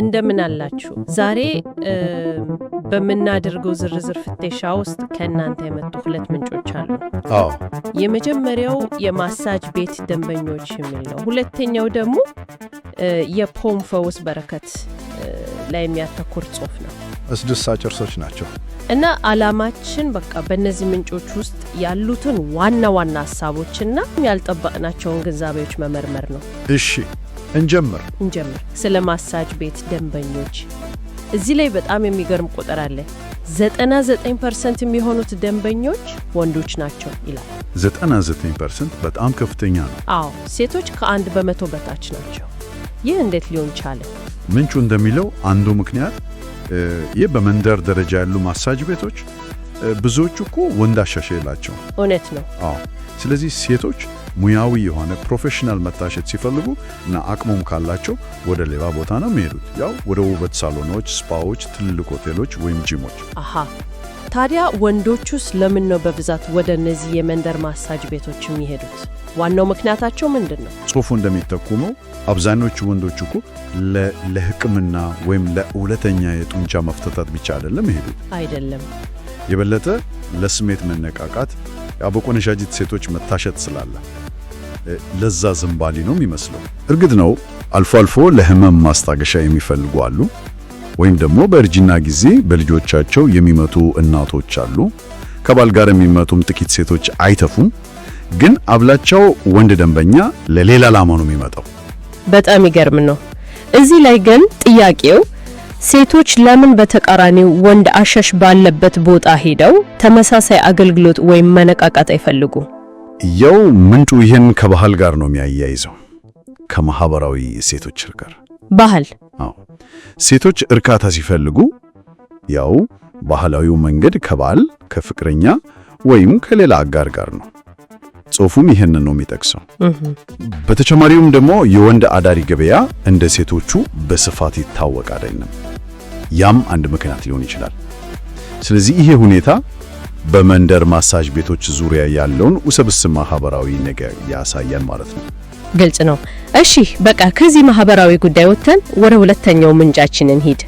እንደምን አላችሁ። ዛሬ በምናደርገው ዝርዝር ፍተሻ ውስጥ ከእናንተ የመጡ ሁለት ምንጮች አሉ። የመጀመሪያው የማሳጅ ቤት ደንበኞች የሚል ነው። ሁለተኛው ደግሞ የፖም ፈውስ በረከት ላይ የሚያተኩር ጽሑፍ ነው። አስደሳች እርሶች ናቸው። እና አላማችን በቃ በእነዚህ ምንጮች ውስጥ ያሉትን ዋና ዋና ሀሳቦችና ያልጠበቅናቸውን ግንዛቤዎች መመርመር ነው። እሺ እንጀምር እንጀምር ስለ ማሳጅ ቤት ደንበኞች። እዚህ ላይ በጣም የሚገርም ቁጥር አለ። 99% የሚሆኑት ደንበኞች ወንዶች ናቸው ይላል። 99% በጣም ከፍተኛ ነው። አዎ፣ ሴቶች ከአንድ በመቶ በታች ናቸው። ይህ እንዴት ሊሆን ቻለ? ምንቹ እንደሚለው አንዱ ምክንያት ይህ በመንደር ደረጃ ያሉ ማሳጅ ቤቶች ብዙዎቹ እኮ ወንድ አሻሻ የላቸው። እውነት ነው። አዎ። ስለዚህ ሴቶች ሙያዊ የሆነ ፕሮፌሽናል መታሸት ሲፈልጉ እና አቅሙም ካላቸው ወደ ሌላ ቦታ ነው የሚሄዱት፣ ያው ወደ ውበት ሳሎኖች፣ ስፓዎች፣ ትልልቅ ሆቴሎች ወይም ጂሞች። አ ታዲያ ወንዶቹስ ለምን ነው በብዛት ወደ እነዚህ የመንደር ማሳጅ ቤቶች የሚሄዱት? ዋናው ምክንያታቸው ምንድን ነው? ጽሑፉ እንደሚጠቁመው አብዛኞቹ ወንዶች እኮ ለሕክምና ወይም ለእውነተኛ የጡንቻ መፍተታት ብቻ አይደለም ይሄዱት አይደለም፣ የበለጠ ለስሜት መነቃቃት የአበቆነጃጅት ሴቶች መታሸት ስላለ ለዛ ዝምባሊ ነው የሚመስለው። እርግጥ ነው አልፎ አልፎ ለህመም ማስታገሻ የሚፈልጉ አሉ፣ ወይም ደግሞ በእርጅና ጊዜ በልጆቻቸው የሚመቱ እናቶች አሉ። ከባል ጋር የሚመቱም ጥቂት ሴቶች አይተፉም። ግን አብላቸው ወንድ ደንበኛ ለሌላ ዓላማ ነው የሚመጣው። በጣም ይገርም ነው። እዚህ ላይ ግን ጥያቄው ሴቶች ለምን በተቃራኒው ወንድ አሸሽ ባለበት ቦታ ሄደው ተመሳሳይ አገልግሎት ወይም መነቃቃት አይፈልጉ? ያው ምንጩ ይህን ከባህል ጋር ነው የሚያያይዘው፣ ከማህበራዊ ሴቶች ጋር ባህል። አዎ ሴቶች እርካታ ሲፈልጉ ያው ባህላዊው መንገድ ከባል ከፍቅረኛ ወይም ከሌላ አጋር ጋር ነው። ጽሑፉም ይሄንን ነው የሚጠቅሰው። በተጨማሪውም ደግሞ የወንድ አዳሪ ገበያ እንደ ሴቶቹ በስፋት ይታወቅ አይደለም። ያም አንድ ምክንያት ሊሆን ይችላል። ስለዚህ ይሄ ሁኔታ በመንደር ማሳጅ ቤቶች ዙሪያ ያለውን ውስብስብ ማህበራዊ ነገር ያሳያል ማለት ነው። ግልጽ ነው። እሺ በቃ ከዚህ ማህበራዊ ጉዳይ ወጥተን ወደ ሁለተኛው ምንጫችንን ሂድ፣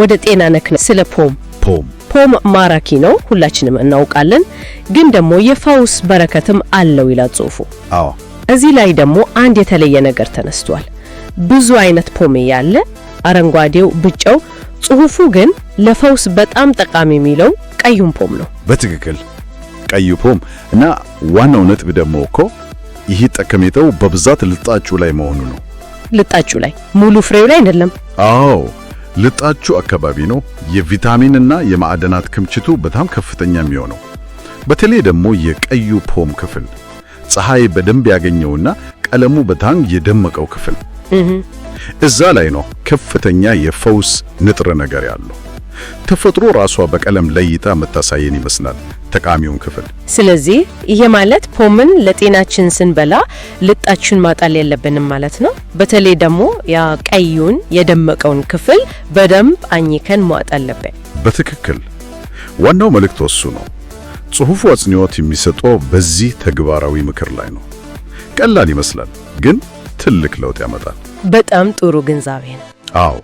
ወደ ጤና ነክ ስለ ፖም ፖም ፖም ማራኪ ነው፣ ሁላችንም እናውቃለን። ግን ደግሞ የፈውስ በረከትም አለው ይላል ጽሁፉ አዎ እዚህ ላይ ደግሞ አንድ የተለየ ነገር ተነስቷል። ብዙ አይነት ፖም ያለ አረንጓዴው፣ ብጫው ጽሑፉ ግን ለፈውስ በጣም ጠቃሚ የሚለው ቀዩን ፖም ነው። በትክክል ቀዩ ፖም እና ዋናው ነጥብ ደግሞ እኮ ይህ ጠቀሜታው በብዛት ልጣጩ ላይ መሆኑ ነው። ልጣጩ ላይ ሙሉ ፍሬው ላይ አይደለም። አዎ ልጣጩ አካባቢ ነው የቪታሚን እና የማዕድናት ክምችቱ በጣም ከፍተኛ የሚሆነው። በተለይ ደግሞ የቀዩ ፖም ክፍል ፀሐይ በደንብ ያገኘውና ቀለሙ በጣም የደመቀው ክፍል እዛ ላይ ነው ከፍተኛ የፈውስ ንጥረ ነገር ያለው። ተፈጥሮ ራሷ በቀለም ለይታ መታሳየን ይመስላል ጠቃሚውን ክፍል። ስለዚህ ይሄ ማለት ፖምን ለጤናችን ስንበላ ልጣችን ማጣል የለብንም ማለት ነው። በተለይ ደግሞ ያ ቀዩን የደመቀውን ክፍል በደንብ አኝከን መዋጥ አለብን። በትክክል ዋናው መልእክት እሱ ነው። ጽሑፉ አጽንዖት የሚሰጠው በዚህ ተግባራዊ ምክር ላይ ነው። ቀላል ይመስላል፣ ግን ትልቅ ለውጥ ያመጣል። በጣም ጥሩ ግንዛቤ ነው። አዎ።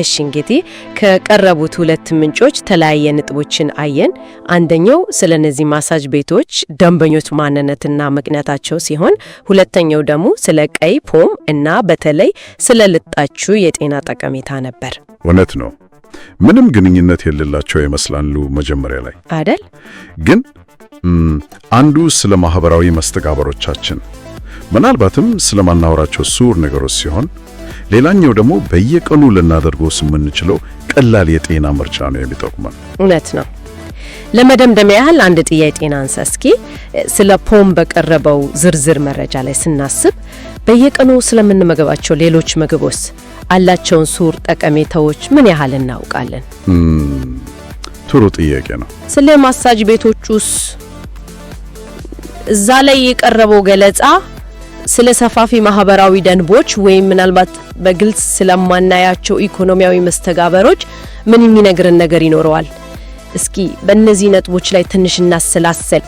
እሺ እንግዲህ ከቀረቡት ሁለት ምንጮች ተለያየ ነጥቦችን አየን። አንደኛው ስለ እነዚህ ማሳጅ ቤቶች ደንበኞች ማንነትና ምክንያታቸው ሲሆን፣ ሁለተኛው ደግሞ ስለ ቀይ ፖም እና በተለይ ስለ ልጣቹ የጤና ጠቀሜታ ነበር። እውነት ነው። ምንም ግንኙነት የሌላቸው ይመስላሉ መጀመሪያ ላይ አደል? ግን አንዱ ስለ ማህበራዊ መስተጋበሮቻችን ምናልባትም ስለማናወራቸው ስውር ነገሮች ሲሆን ሌላኛው ደግሞ በየቀኑ ልናደርገው የምንችለው ቀላል የጤና ምርጫ ነው የሚጠቅመን። እውነት ነው። ለመደምደሚያ ያህል አንድ ጥያቄ እናንሳ እስኪ። ስለ ፖም በቀረበው ዝርዝር መረጃ ላይ ስናስብ በየቀኑ ስለምንመገባቸው ሌሎች ምግቦች አላቸውን ሱር ጠቀሜታዎች ምን ያህል እናውቃለን? ጥሩ ጥያቄ ነው። ስለ ማሳጅ ቤቶቹስ እዛ ላይ የቀረበው ገለጻ ስለ ሰፋፊ ማህበራዊ ደንቦች ወይም ምናልባት በግልጽ ስለማናያቸው ኢኮኖሚያዊ መስተጋበሮች ምን የሚነግርን ነገር ይኖረዋል? እስኪ በእነዚህ ነጥቦች ላይ ትንሽ እናሰላሰል።